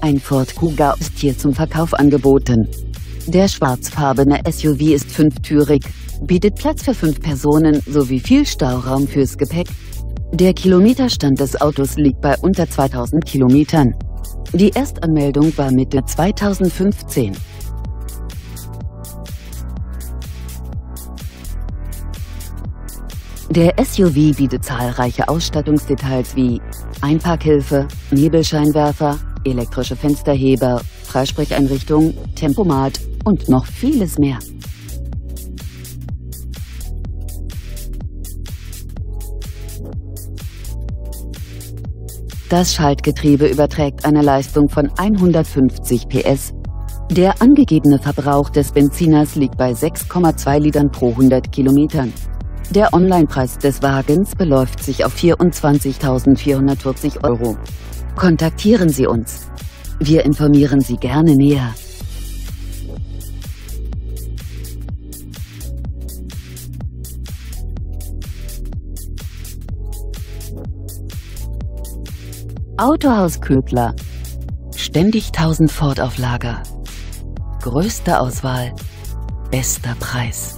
Ein Ford Kuga ist hier zum Verkauf angeboten. Der schwarzfarbene SUV ist fünftürig, bietet Platz für fünf Personen sowie viel Stauraum fürs Gepäck. Der Kilometerstand des Autos liegt bei unter 2000 Kilometern. Die Erstanmeldung war Mitte 2015. Der SUV bietet zahlreiche Ausstattungsdetails wie Einparkhilfe, Nebelscheinwerfer, elektrische Fensterheber, Freisprecheinrichtung, Tempomat und noch vieles mehr. Das Schaltgetriebe überträgt eine Leistung von 150 PS. Der angegebene Verbrauch des Benziners liegt bei 6,2 Litern pro 100 Kilometern. Der Onlinepreis des Wagens beläuft sich auf 24.440 Euro. Kontaktieren Sie uns. Wir informieren Sie gerne näher. Autohaus Ködler. Ständig 1000 Ford auf Lager. Größte Auswahl, bester Preis.